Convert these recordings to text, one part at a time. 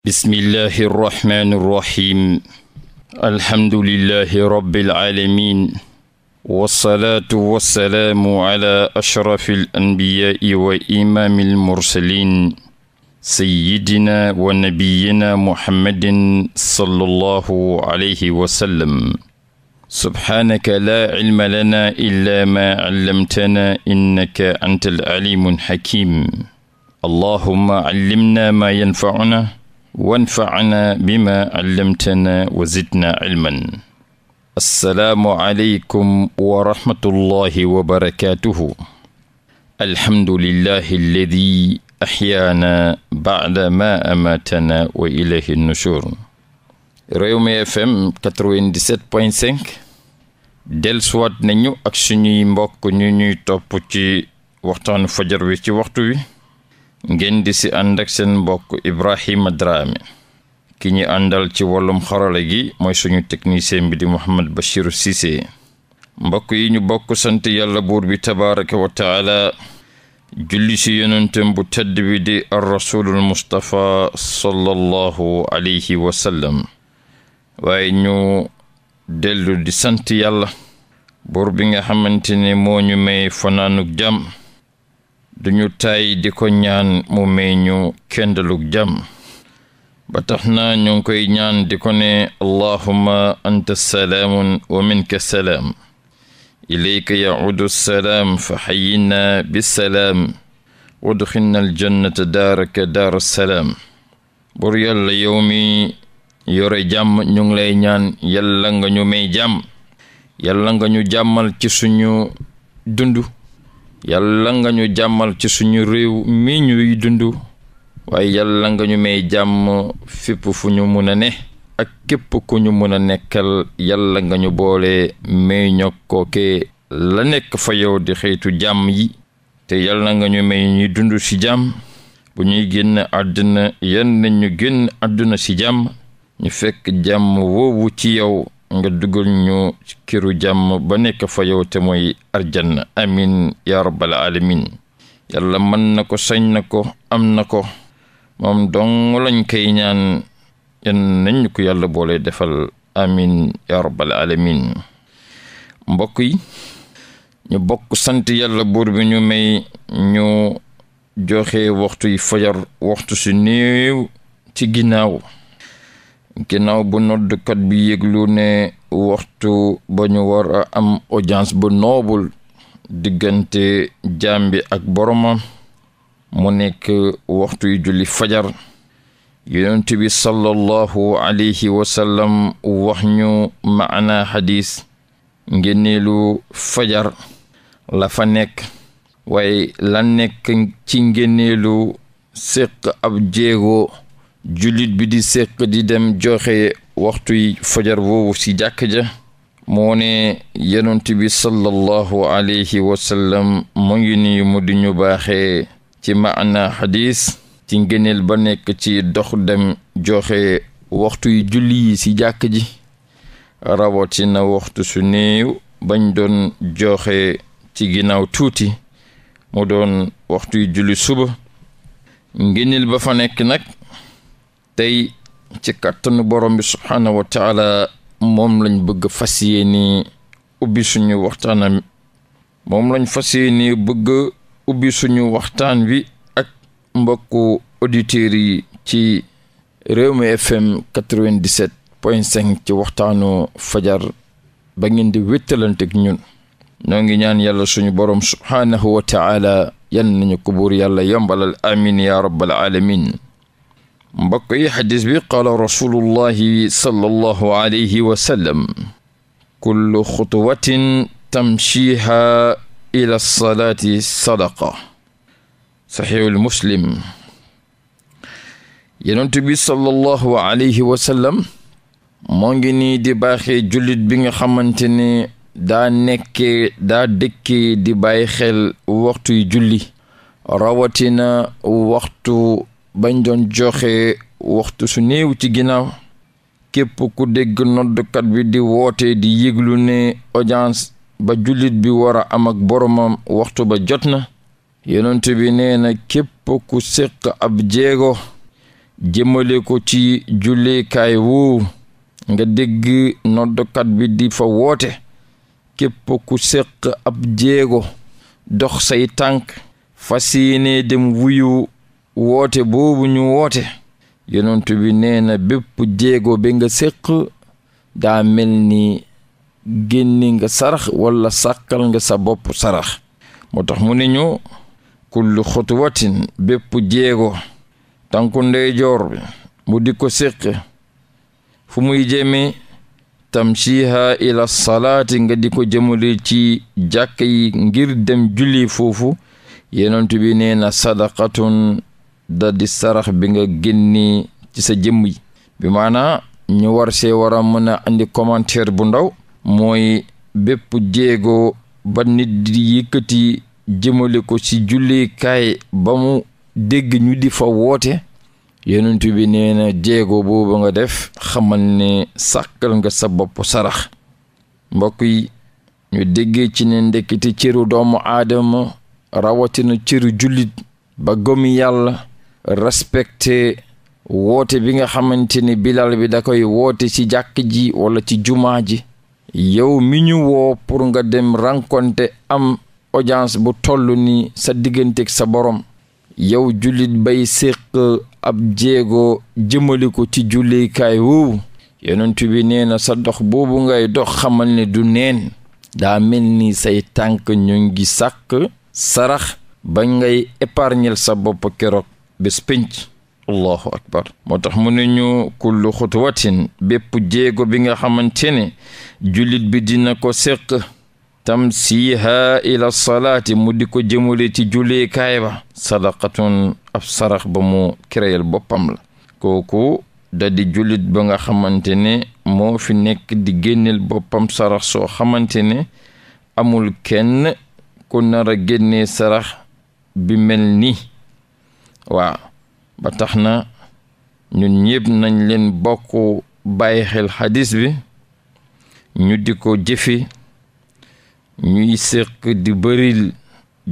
bismillahi irrahmani irrahim alhamdulilahi rabiilalamin walsalaatu walsalaamu ala ashrafi alanbiyaai wa imaami almursalin sayidina wa nabiyina muhammadin sallallahu alayhi wa sallam subhaanaka laa cilma lana illa ma callamtana innaka anta alcalimu alxakim allahuma callimna ma yanfacuna wanfacna bima callamtana wa zidna cilman assalaamu aleykum wa rahmatullahi wa barakaatuhu alhamdulillahi alladi axyaana bacda ma amaatana wa ilayhi nushur Rewmi FM 97.5 delsuwaat nañu ak suñuy mbokk ñu ñuy topp ci waxtaanu fajar wi ci waxtu wi ngeen di si ànd seen mbokk Ibrahima Dramé ki ñu àndal ci wàllum xarala gi mooy suñu technicien bi di Mouhamed Bachir Cissé mbokk yi ñu bokk sant yàlla buur bi tabaraka wa taala julli si yonentem bu tedd bi di ar rasulul mustapha sallallahu alayhi wa sallam ñu dellu sant yàlla buur bi nga xamante ne moo ñu may fanaanuk jàmm du ñu tay di ko ñaan mu may ñu kendalug jàmm ba tax na ñu koy ñaan di ko ne allahuma anta salaamun wa minka salaam ilayka yacudu salaam fa xayina bisalaam wadxilna aljannata daaraka daara bur yàlla yow yore jàmm ñu ngi lay ñaan yàlla nga ñu may jàmm yàlla nga ñu jàmmal ci suñu dundu yàlla nga ñu jàmmal ci suñu réew mi ñuy dund waaye yàlla nga ñu may jàmm fépp fu ñu mun a ne ak képp ku ñu mun a nekkal yalla nga ñu boole may ñokkooke la nekk fa yow di xeetu jàmm yi te yàlla nga ñu may ñu dund ci jàmm bu ñuy génn àdduna yan nañ ñu génn àdduna ci jàmm ñu fekk jàmm woowu ci yow nga dugal ñu ci këru jàmm ba nekk fa yow te mooy arjanna amin ya rabbal yàlla mën na ko sañ na ko am na ko moom dong lañ koy ñaan yan nañ ko yàlla boole defal amin yarobal rabbal alamin mbokk yi ñu bokk sant yàlla buur bi ñu may ñu joxe waxtu yi fajar waxtu si néew ci ginnaaw ginnaaw bu noddkat bi yëglu ne waxtu ba war am audience bu noobul diggante jaam bi ak boromam mu nekk waxtu yu julli fajar yonent bi sallallahu alayhi wasallam wax ñu maana xadis ngénneelu fajar la fa nekk waaye la nekk ci ngénneelu séq ab jéego jullit bi di séq di dem joxe waxtuy fajar woowu ci jàkk ja moo ne yonent bi sallallahu alayhi wa sallam mu ngi nii mu di ñu baaxee ci maana xadis ci ngëneel ba nekk ci dox dem joxe waxtuy julli yi ci jàkk ji ci na waxtu su néew bañ doon joxe ci ginnaaw tuuti mu doon waxtuy julli suba ngëneel ba fa nekk nag tey ci kàttanu borom bi subhaanahu wa taala moom lañ bëgg fas yéene ubbi suñu waxtaanam moom lañ fas yéene bëgg ubbi suñu waxtaan wi ak mbokku auditeurs yi ci Rewmi FM 97 point 5 ci waxtaanu fajar ba ngeen di ñun ñoo ngi ñaan yàlla suñu borom subhaanahu wa yan nañu ko buur yàlla yombalal amin ya rabbal alamin mbokk yi xadis bi qaala rasulullahi sallallahu alayhi wa sallam kullu xutuwatin sadaqa saxiihul muslim yonent bi sallallahu alayhi wa sallam moo ngi nii di baaxee jullit bi nga xamante ne daa nekkee daa dëkkee di bàyyi xel waxtuy julli rawatina waxtu bañ doon joxe waxtu su néew ci ginnaaw képp ku dégg noddkat bi di woote di yëglu ne audience ba jullit bi wara a am ak boromam waxtu ba jot na yonent bi nee na képp ku séq ab jéego jëmale ko ci jullikaay woowu nga dégg noddkat bi di fa woote képp ku séq ab jéego dox say tànk fas yéene dem wuyu woote boobu ñu woote yonent bi nee na bépp jéego bi nga séq daa mel ni génni nga sarax walla sàkkal nga sa bopp sarax moo tax mu ne ñu kullu xutuwatin bépp jéego tànku ndeyjoor bi mu di ko séq fu muy jëme tamshiha ila salaati nga di ko jëmale ci jàkk yi ngir dem julli foofu yonent bi nee na sadaqatun da sarax bi nga génnee ci sa jëmm yi bi maanaa ñu war see war a mën a andi commentaire bu ndaw mooy bépp jéego ba nit di yëkkati jëmale ko ci jullikaay ba mu dégg ñu di fa woote yonent bi nee na jéego boobu nga def xamal ni sàkkal nga sa bopp sarax mbokk yi ñu déggee ci ne ndekkite cëru doomu aadama rawatina cëru jullit ba gomi yàlla respecté woote bi nga xamante ni bilal bi da koy woote ci jàkk ji wala ci jumaa ji yow mi ñu woo pour nga dem rencontre am audience bu toll ni sa digganteeg sa borom yow jullit bay séq ab jéego jëmali ko ci jullikaay woowu yonent bi nee na sa dox boobu ngay dox xamal ne du neen daa mel ni say tànk ñu ngi sàkk sarax ba ngay épargnel sa bopp keroog bés pénc allahu akbar moo tax mu ne ñu kullu xutuwatin bépp jéego bi nga xamante ne jullit bi dina ko seq séq tamsiha ila salaati mu di ko jëmale ci julleekaay ba sadaqatun ab sarax ba mu créyel boppam la kooku da di jullit ba nga xamante ne moo fi nekk di génneel boppam sarax soo xamante ne amul kenn ku nar a génnee sarax bi mel nii waaw ba tax na ñu ñëpp nañ leen bokk bàyyi xel bi ñu di ko jëfi ñuy séq di bëril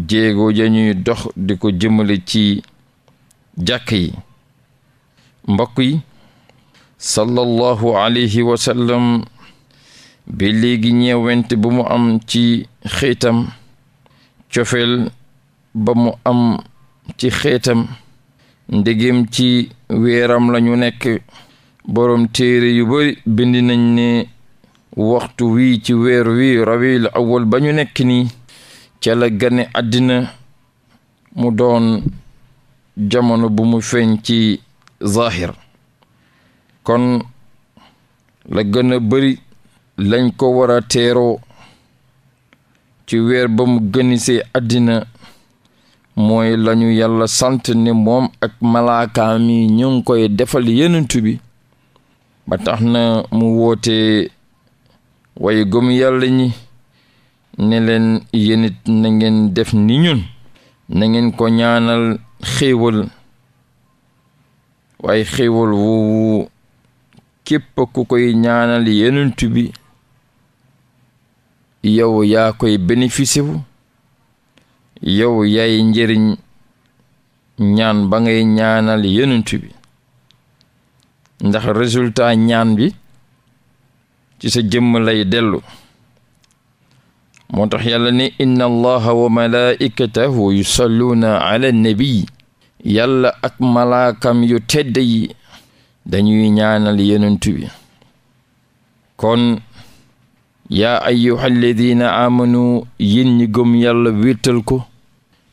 jéego ja ñuy dox di ko jëmale ci jàkk yi mbokk yi sallallahu alayhi wa sallam bi léegi ñeewent bu mu am ci xeetam cofeel ba mu am ci xeetam ndegem ci weeram lañu nekk boroom téere yu bari bind nañ ne waxtu wii ci weer wi rabiul awal ba ñu nekk nii ca la gane àddina mu doon jamono bu mu feeñ ci zahir kon la gën bari lañ ko war a teeroo ci weer ba mu gënisee àddina mooy lañu yàlla sant ne moom ak malaakaam yi ñu koy defal yenent bi ba tax na mu woote way gom yàlla ñi ne leen yéen na ngeen def ni ñun na ngeen ko ñaanal xéewal waaye xéewal woowu képp ku koy ñaanal yenent bi yow yaa koy bénéficier yow yay njëriñ ñaan ba ngay ñaanal yonent bi ndax résultat ñaan bi ci sa jëmm lay dellu moo tax ni ne inna allaha wa malaikatahu yusalluuna ala nabi yàlla ak malaakam yu tedd yi dañuy ñaanal yonent bi kon ya ayyuhal ladina amanu yéen ñi gëm yàlla wéetal ko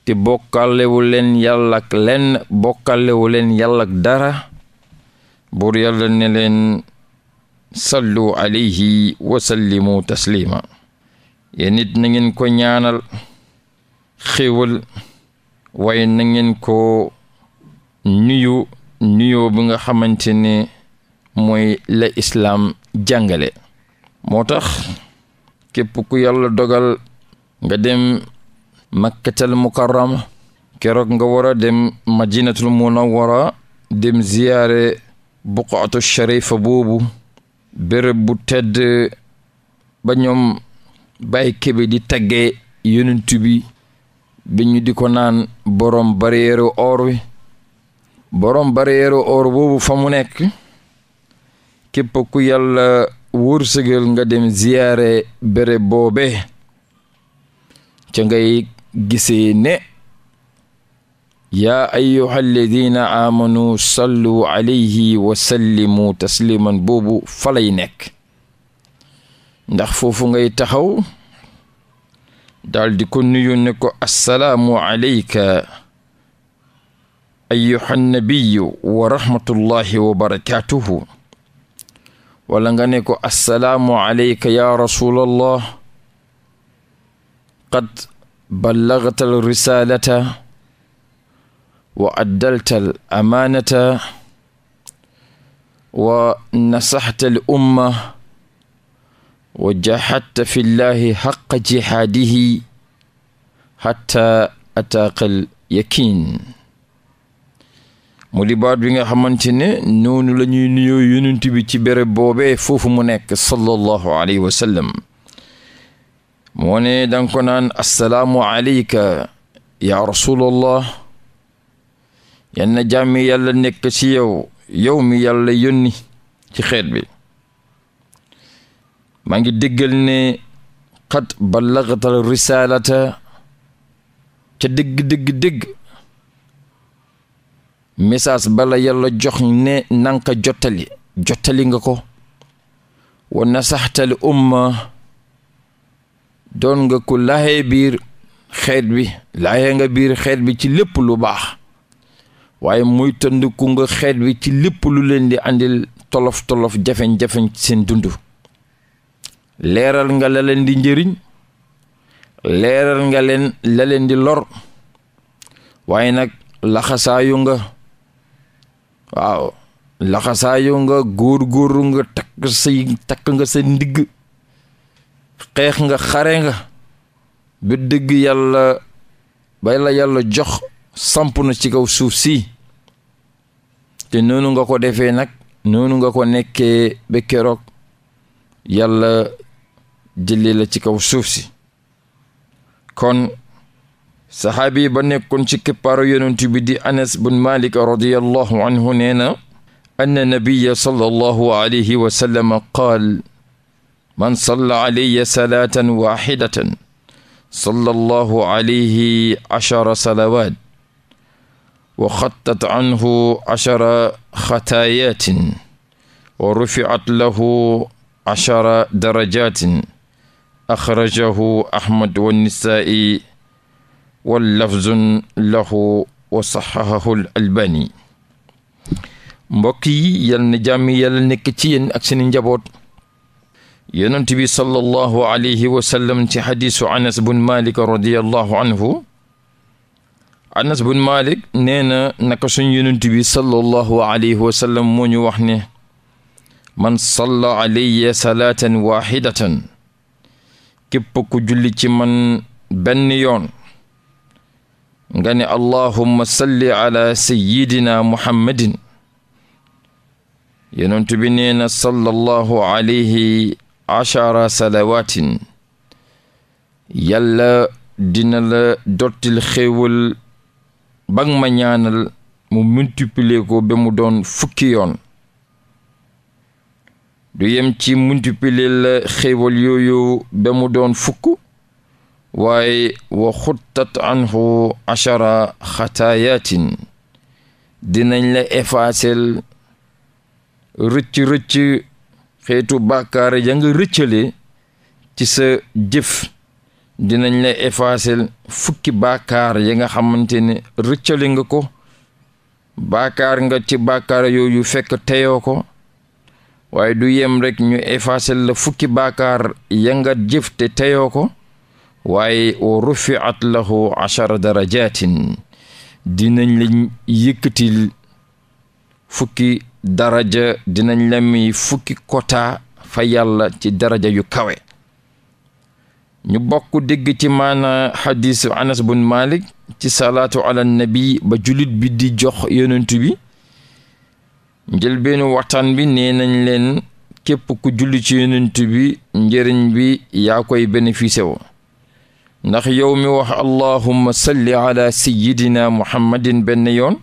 te bokkalewu leen yàlla ak lenn bokkalewu leen yàlla dara buur yàlla ne leen sallu alayhi wa sallimu taslima yéen it na ko ñaanal xéewal waaye na ngeen ko nuyu nuyoo bi nga xamante ne mooy la islaam jàngale moo tax képp ku yàlla dogal nga dem makkatal mukarrama keroog nga war a dem madinatul munawwara dem ziyaare buqaatu sharifa boobu béréb bu tedd ba ñoom bàyyi kebe di taggee yonent bi ñu di ko naan borom barrière or borom barrière or boobu fa mu ku yàlla wursugal nga dem ziyaare bere boobe ca ngay gisee ne yaa ayyuha alladina aamanu sallu alayhi wa tasliman boobu falay nekk ndax foofu ngay taxaw daal di ko nuyu ne ko assalaamu alayka ayyuha nabiyu wa rahmatullahi wa barakatuhu wala nga ne ko assalaamu aleyka ya rasulallah qad ballagta al risalata wa addalta al amaanata wa nasaxta al umma wa jahadta fi llahi xaqa jihaadihi xatta ataaqal yaqiin mu di baat bi nga xamante ne noonu la ñuy nuyoo yonent bi ci béréb boobee foofu mu nekk sallallahu alayhi wa sallam moo ne ko naan assalaamu alayka yaa rasulallah yan na jàmmi yàlla nekk ci yow yow mi yàlla yónni ci xeet bi maa ngi déggal ne xat ballagatal risaalata ca dëgg dëgg dëgg message bala yàlla jox ne nanka jottali jottali nga ko wa nasaxtali umma doon nga ko laxee biir xeet bi laxee nga biir xeet bi ci lépp lu baax waaye muy tëndku nga xeet bi ci lépp lu leen di andil tolof tolof jafeñ jafeñ seen dund leeral nga la leen di njëriñ leeral nga leen la leen di lor waaye nag laxasaayu nga waaw laxasaayu nga góor-góorlu nga takk say takk nga sa ndigg xeex nga xare nga ba dëgg yàlla bay la yàlla jox samp na ci kaw suuf si te noonu nga ko defee nag noonu nga ko nekkee ba keroog yàlla jëlee la ci kaw suuf si kon saxaabi ba nekkoon ci keppaaru yonent bi di anas bun malik radiallahu anhu nee na anna nabiya sallallahu alayhi wa sallam qaal man salla alayya salaatan waxidatan sallallahu alayhi achara salawat wa xattat anhu achara xataayatin wa rufiat lahu achara darajatin axrajahu ahmad wa nisaa'i wa lafzun lahu wa saxahahu albani mbokk yi yal na jàmm yàlla nekk ci yéen ak seen njaboot yonent bi sallallahu alayhi wa sallam ci xadiisu anas bun malik radiallahu anhu anas bun malik nee na naka suñ yonent bi sallallahu alayhi wa sallam moo ñu wax ne man salla alayya salaatan waxidatan képp ku julli ci man benn yoon nga ne allahumma salli ala sayyidina muhammadin yonent bi nee na sallallahu alayhi achara salawaatin yàlla dina la dottil xéewal bang ma ñaanal mu multiplier ko ba mu doon fukki yoon du yem ci multiplier la xéewal yooyu ba mu doon fukk waaye wa xuttat anhu achara xataayaatin dinañ la effacer rëcc-rëcc xeetu bàkkaar ya nga rëccale ci sa jëf dinañ la effacer fukki bakar ya nga xamante ne rëccale nga ko bàkkaar nga ci bàkkaar yooyu fekk teyoo ko waaye du yem rekk ñu effacer la fukki bakar ya nga jëf te teyoo ko waaye rufi at lahu achara darajatin dinañ lañ yëkkatil fukki daraja dinañ la mi fukki kota fa yàlla ci daraja yu kawe ñu bokk dégg ci maana xadisu anas bun malik ci salaatu ala nabi ba jullit bi di jox yonentu bi njëlbeenu waxtaan bi nee nañ leen képp ku ci yonentu njëriñ bi yaa koy bénéficié woo ndax yow mi wax allahumma salli ala sayyidina muhammadin benn yoon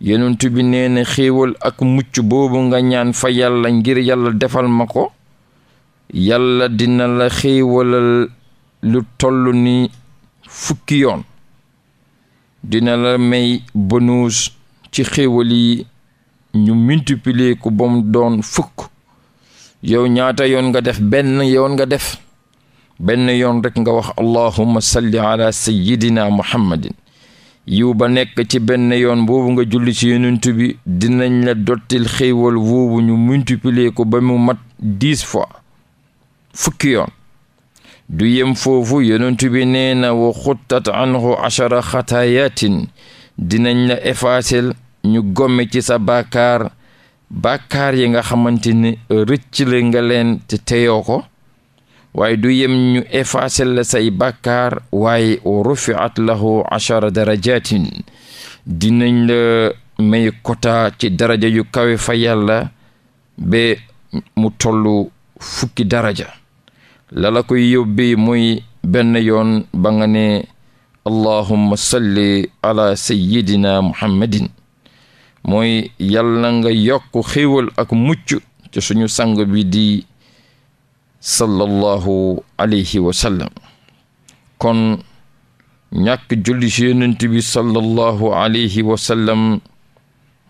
yonent bi nee na ak mucc boobu nga ñaan fa yàlla ngir yàlla defal ma ko yàlla dina la xéewalal lu toll ni fukki yoon dina la may bonus ci xéewal yi ñu multiplier ko ba mu doon fukk yow ñaata yoon nga def benn yoon nga def benn yoon rekk nga wax allahumma salli ala sayyidina muhammadin yiw ba nekk ci benn yoon boobu nga julli ci yonent bi dinañ la dottil xéewal woowu ñu multiplier ko ba mu mat diis fois fukki yoon du yem foofu yonent bi nee na wa xuttat anhu achara xataayatin dinañ la effacer ñu gomme ci sa bàkkaar bàkkaar yi nga xamante ne rëcc nga leen te teyoo ko waaye du yem ñu effacer say bàkkaar waaye rufiat lahu achara darajatin dinañ la may kota ci daraja yu kawe fa yàlla ba mu tollu fukki daraja lala ko yóbbi muy benn yoon ba nga ne allahumma salli ala sayyidina muhammadin mooy yàlla nga yokk xéewal ak mucc ci suñu sang bi di sallallahu alayhi wa kon ñàkk julli ci yonent bi sallallahu alayhi wa sallam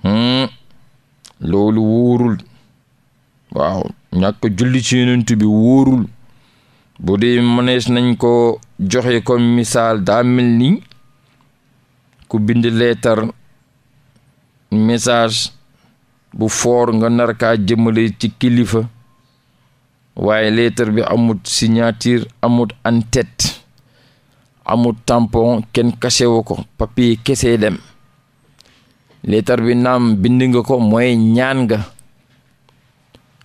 hmm, wóorul waaw ñàkk julli ci yonent wóorul bu dee mënees nañ ko joxe ko misaal daa mel ni ku bind leetar message bu foor nga narkaa jëmale ci kilifa waaye leetar bi amut signature amut en-tête amut tampon kenn kasewu ko papier kese dem leetar bi naam bind nga ko mooy ñaan nga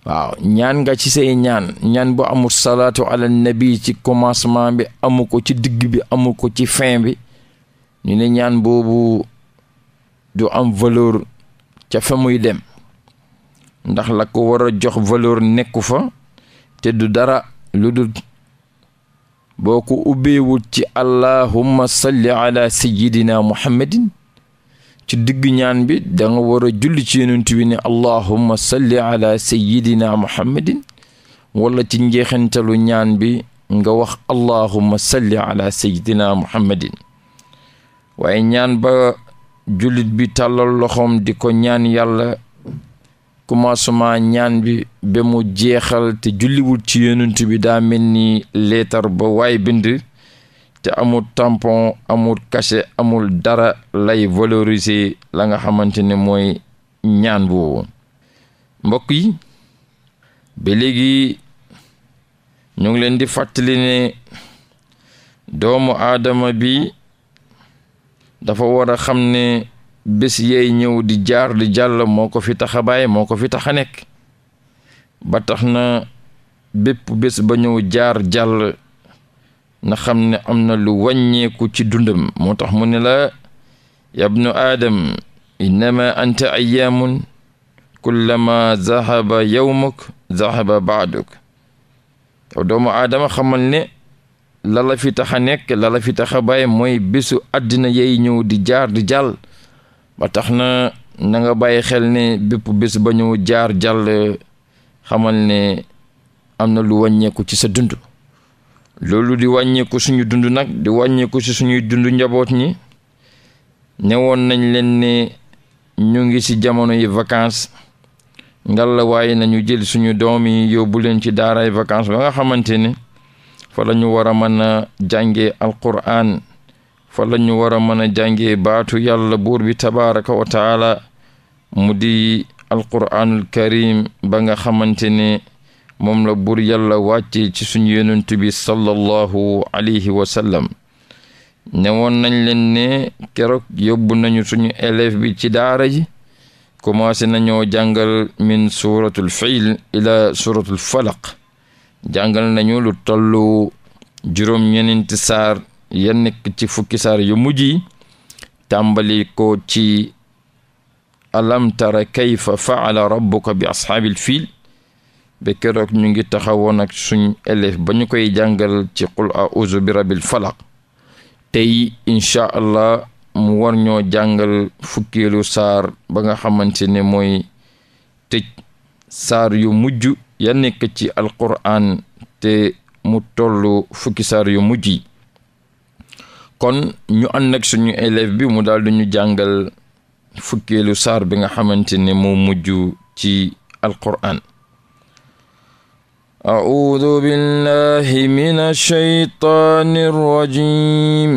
waaw ñaan nga ci say ñaan ñaan bu amul salaatu ala nabi ci commencement bi amu ko ci digg bi amu ko ci fin bi ñu ne ñaan boobu du am valeur ca fa muy dem ndax la ko war jox valeur nekku fa te du dara lu dul boo ko ubbeewul ci allahumma salli ala sayyidina muhammadin ci digg ñaan bi danga wara julli ci yonent bi ne allahumma salli ala sayyidina muhammadin wala ci njeexantalu ñaan bi nga wax allahumma salli ala sayyidina muhammadin waaye ñaan ba jullit bi tàllal loxoom di ko ñaan yàlla commencement ñaan bi ba mu jeexal te julliwul ci yonent bi daa mel ni leetar ba waay bind te amul tampon amul cachet amul dara lay valoriser la nga xamante ne mooy ñaan boobu mbokk yi ba léegi ñu ngi leen di fàttali ne doomu aadama bi dafa war a bés yeey ñëw di jaar di jàll moo ko fi tax a bàyyi moo ko fi tax a nekk ba tax na bépp bés ba ñëw jaar jàll na xam ne am na lu wàññeeku ci dundam moo tax mu ne la yabnu aadam innama anta ayyaamun kullama zahaba yawmuk zahaba baaduk yow doomu aadama xamal ne lala fi tax a nekk lala fi tax a bàyyi mooy bésu àddina yey ñëw di jaar di jàll ba tax na nanga bàyyi xel ne bépp bés ba ñu jaar jàll xamal ne am na lu wàññeeku ci sa dund loolu di wàññeeku suñu dund nag di wàññeeku ci suñuy dund njaboot ñi ñëwoon nañ leen ne ñu ngi ci jamono yi vacances ngalla waaye nañu jël suñu doom yi yóbbu leen ci daaray vacances ba nga xamante ne fa la ñu war a mën a jàngee alquran fa la ñu war a mën a jàngee baatu yàlla buur bi tabaraka mu di alquraanul karim ba nga xamante ne moom la buur yàlla wàcce ci suñu yonent bi sallallahu alayhi wa sallam ñewoon nañ leen ne keroog yóbbu nañu suñu élève bi ci daara ji commencé nañoo jàngal min suratul fiil ila suratul falaq jàngal nañu lu tollu juróom ñeneenti saar ya ci fukki saar yu mujj yi tàmbali ko ci alam tara kayfa faala rabbuka bi ashaabil fiil ba keroog ñu ngi taxawoon ak suñ élève ba ñu koy jàngal ci qul auzu bi rabbil falaq tey incha allah mu warñoo jàngal fukkeelu saar ba nga xamante ne mooy tëj saar yu mujj ya nekk ci alquran te mu toll fukki saar yu mujj yi kon ñu ànd ak suñu élève bi mu daal duñu jàngal fukkeelu saar bi nga xamante ne moo mujj ci alquran audu billahi min alsheytaani arrajim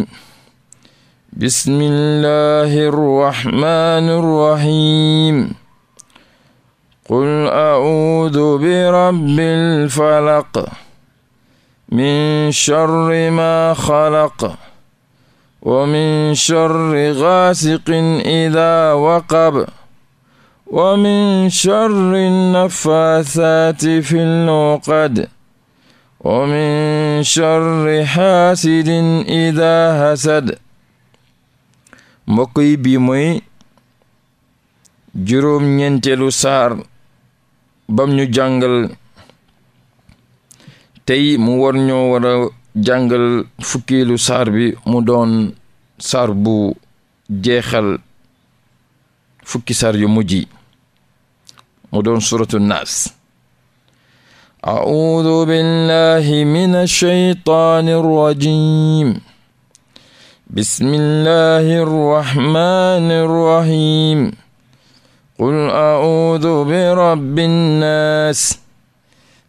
bismillahi arrahmani arrahim qul audu bi rabbil falaq min sharri ma xalaq ومن شر غاسق إذا وقب ومن شر النفاثات في العقد ومن شر حاسد إذا حسد mbokk yi bii juróom-ñeenteelu saar bam ñu jàngal tey mu war ñoo war jàngal fukkeelu saar bi mu doon bu jeexal fukki saar yu mujj yi mu doon suratu naas audu min alsheytaani arrajim bismillahi arrahmani arrahim qul audu bi rabbi nnaas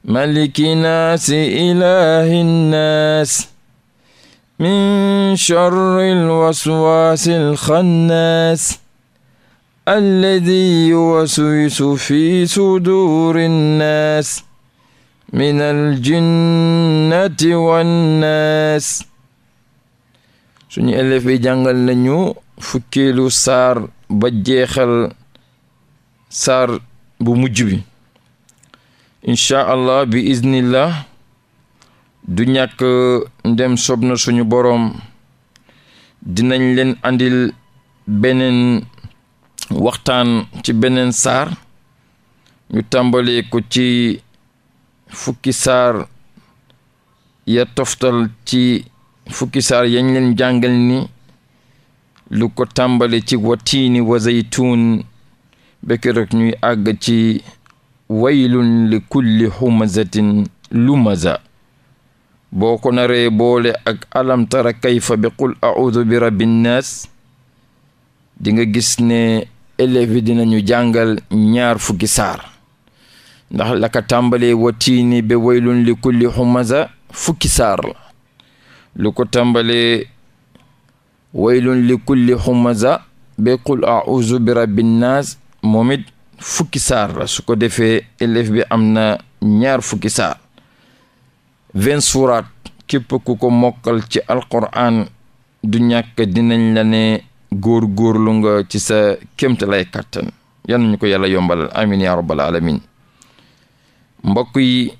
maliki naasi ilaahi naas min sharri lwaswaasi lxannaas alladi yuwaswisu fi suduuri nnaas min aljinnati wannaas suñu élève yi jàngal nañu fukkeelu saar ba jeexal saar bu mujj bi incha allah bi iznillah du ñàkk ndem sob na suñu boroom dinañ leen andil beneen waxtaan ci beneen saar ñu tàmbalee ko ci fukki saar ya toftal ci fukki saar yañ leen jàngal ni lu ko tàmbale ci watiini wa zaytuun bekk rek ñuy àgg ci waylun li kulli humazatin lumaza boo ko naree boole ak alamtara kayfa bi qul audu bi rabbin naas di nga gis ne élèves dinañu jàngal ñaar fukki saar ndax la ka tàmbalee watiini ba waylun li kulli humaza fukki saar lu ko tàmbalee waylun li kulli humaza ba qul audu bi rabbin naas fukki saar su ko defee élève bi am na ñaar fukki saar vingt suuraat képp ku ko mokkal ci alquran du ñàkk dinañ la ne góor góorlu nga ci sa kémta kattan kàttan yal ko yàlla yombalal amin ya rabbal alamin mbokk yi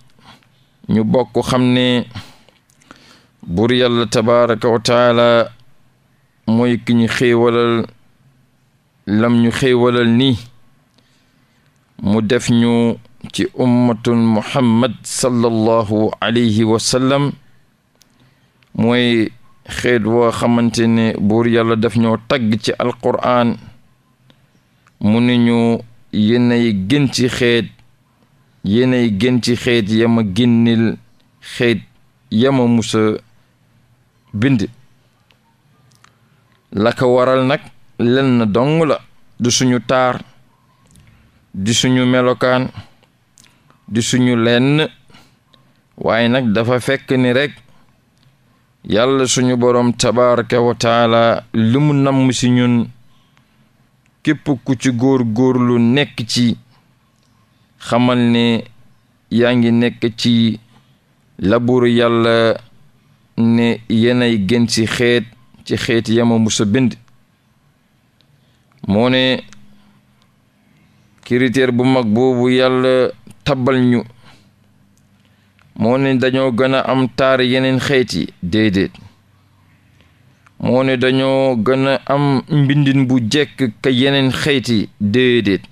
ñu bokk xam ne buur yàlla tabaraka wa taala mooy ki ñu xéewalal lam ñu xéewalal nii mu def ñu ci ummatun muhammad sallallahu alayhi wa mooy xeet woo xamante ne buur yàlla daf ñoo tagg ci alqur'aan mu ne ñu yéenay gën ci xeet yéenay gën xeet yama génnil xeet yama musa bind la waral nag len na dong du suñu taar di suñu melokaan di suñu lenn waaye nag dafa fekk ni rekk yàlla suñu boroom tabaraka wa taala li mu namm si képp ku ci góor góorlu nekk ci xamal ni yaa ngi nekk ci labur yàlla ne yenay gën ci xeet ci xeet yama musa bind moo critère bu mag boobu yàlla tabal ñu moo ne dañoo gën a am taar yeneen xeet yi déedéet moo ne dañoo gën a am mbindin bu jekk ka yeneen xeet yi déedéet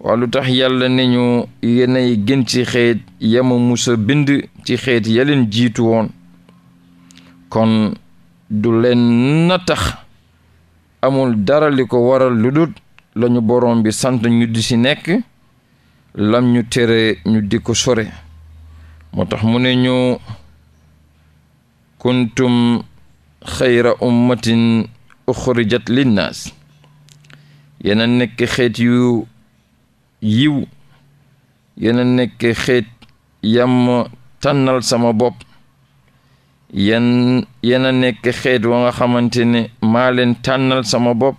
waa tax yàlla ne ñu yenay gën ci xeet yama musa bind ci xeet ya jiitu woon kon du leen na tax amul dara li ko waral lu dut lañu borom bi sant ñu di si nekk lam ñu tere ñu di ko sore moo tax mu ne ñu kuntum xayra ummatin uxrijat linnaas yena nekk xeet yu yiw yena nekk xeet yam tànnal sama bopp yen yena nekk xeet wa nga xamante ne maa leen tànnal sama bopp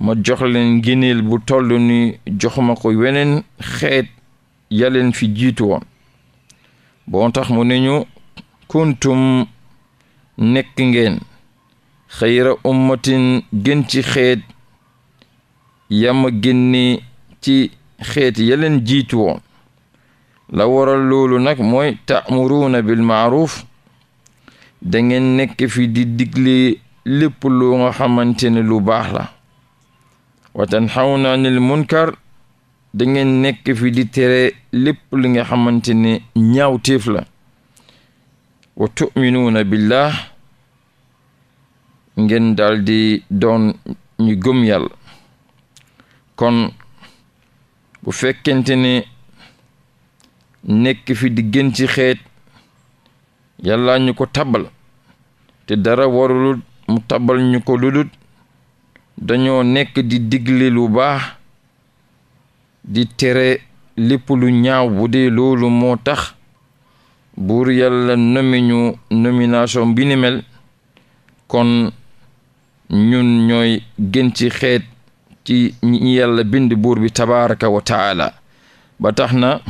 ma jox leen ngëneel bu toll ni joxuma ko weneen xeet yaleen fi jiitu woon boo tax mu ne ñu kuntum nekk ngeen xayra ummatin gën ci xeet yam génne ci xeet yaleen jiitu woon la waral loolu nag mooy taamuruuna bil maaruf da ngeen nekk fi di digli lépp lu nga xamante ne lu baax la watan tanhawna anil munkar da ngeen nekk fi di tere lépp li nga xamante ne ñaawteef la wa tuminuuna billah ngeen daal doon ñu gëm yàlla kon bu fekkente ne nekk fi di gën ci xeet yàlla ñu ko tabal te dara warul mu tabal ñu ko ludut dañoo nekk di digle lu baax di tere lépp lu ñaaw bu dee loolu moo tax buur yàlla nomi ñu nomination kon ñun ñooy gën ci xeet ci ñi yàlla bind buur bi tabaraka wa ba tax na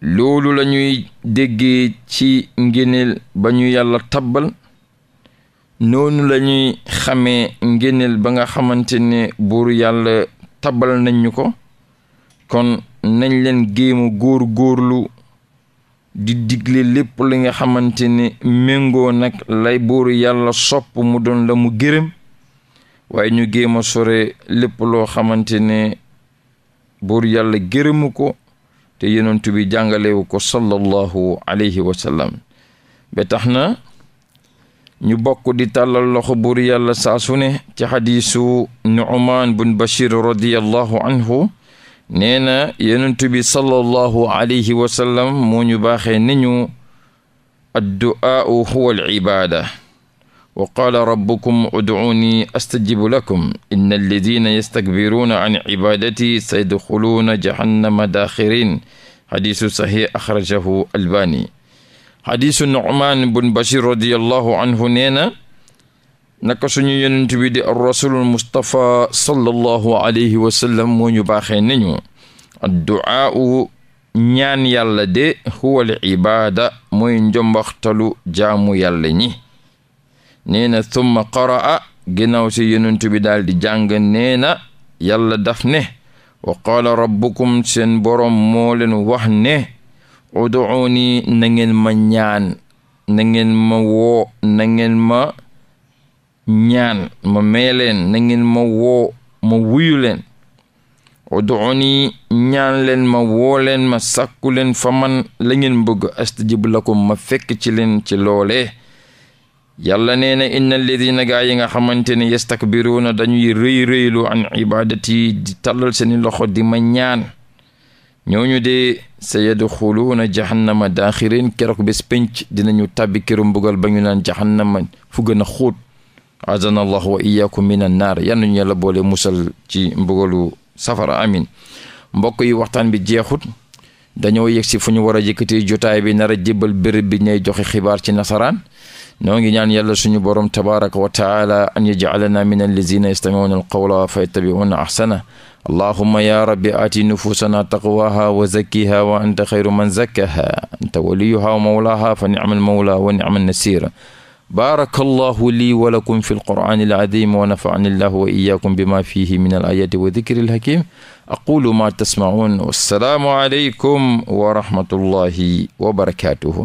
loolu lañuy ñuy ci ngéneel ba ñu yàlla tabbal noonu lañuy xamee ngéneel ba nga xamante ne buur yàlla tabal nañ ñu ko kon nañ leen géema góor góorlu di digle lépp li nga xamante ne méngoo nag lay buur yàlla sopp mu doon la mu gërëm waaye ñu géema sore lépp loo xamante ne buur yàlla gërëmu ko te yonent bi jàngalewu ko sallallahu alayhi wa sallam tax na ñu bokk di tàllal loxo buur yàlla saa su ne ci xadiisu nu'maan bun bashir radiallahu anhu nee na yenentu bi sallallahu alayhi wa sallam moo ñu baaxee ni ñu addu'aau huwa al ibaada wa qaala rabbukum ud'uuni astajibu lakum inna alladina yastakbiruuna an cibaadati sayadxuluuna jahannama daaxirin xadiisu saxiix axrajahu albaani xadiisu nu'maan bun bashir radiallahu anhu nee na naka suñu yonent bi ñu baaxee nañu ñaan yàlla de huwal ibaada mooy njombaxtalu jaamu yàlla ñi nee na thumma qaraa ginnaaw si yonent bi daal di jàng nee na yàlla daf ne wa qaala rabbukum seen boroom moo wax ne uduuni na ngeen ma ñaan na ngeen ma woo na ngeen ma ñaan ma mee leen na ngeen ma woo ma wuyu leen uduuni ñaan leen ma woo leen ma sàkku leen fa man la ngeen bëgg astajib lakum ma fekk ci leen ci loole yàlla nee na inna alladina gaa yi nga xamante ne yastakbiruuna dañuy rëy rëylu an ibadati di tàllal seeni loxo di ma ñaan ñooñu de sa yadxuluuna jahannama daaxirin keroog bés pénc dinañu tàbbi këru mbugal ba ñu naan jahannama fu gën a xuut azana allah wa iyaakum min an naar yal nañu yàlla boole musal ci mbugalu safara amin mbokk yi waxtaan bi jeexut dañoo yegg si fu ñu war a yëkkati jotaay bi nar a jébbal béréb bi ñay joxe xibaar ci nasaraan ñoo ngi ñaan yàlla suñu borom tabaraka wa taala an yajalana min allazina yastamiuna alqawla fa yattabiuna ahsana allahuma ya rabbi aati nufuusanaa taqwaha wa zakkiha wa anta xayru man zakkaha anta waliyuha wa mawlaha fa nicma almawla wa nicma alnasir baaraka allahu lii wa lakum fi alqur'ani alazim wa nafani llahu wa iyaakum bima fihi min alayati wa dikri alhakim aqulu ma tasmaun wassalaamu aleykum wa rahmatullahi wa barakatuhu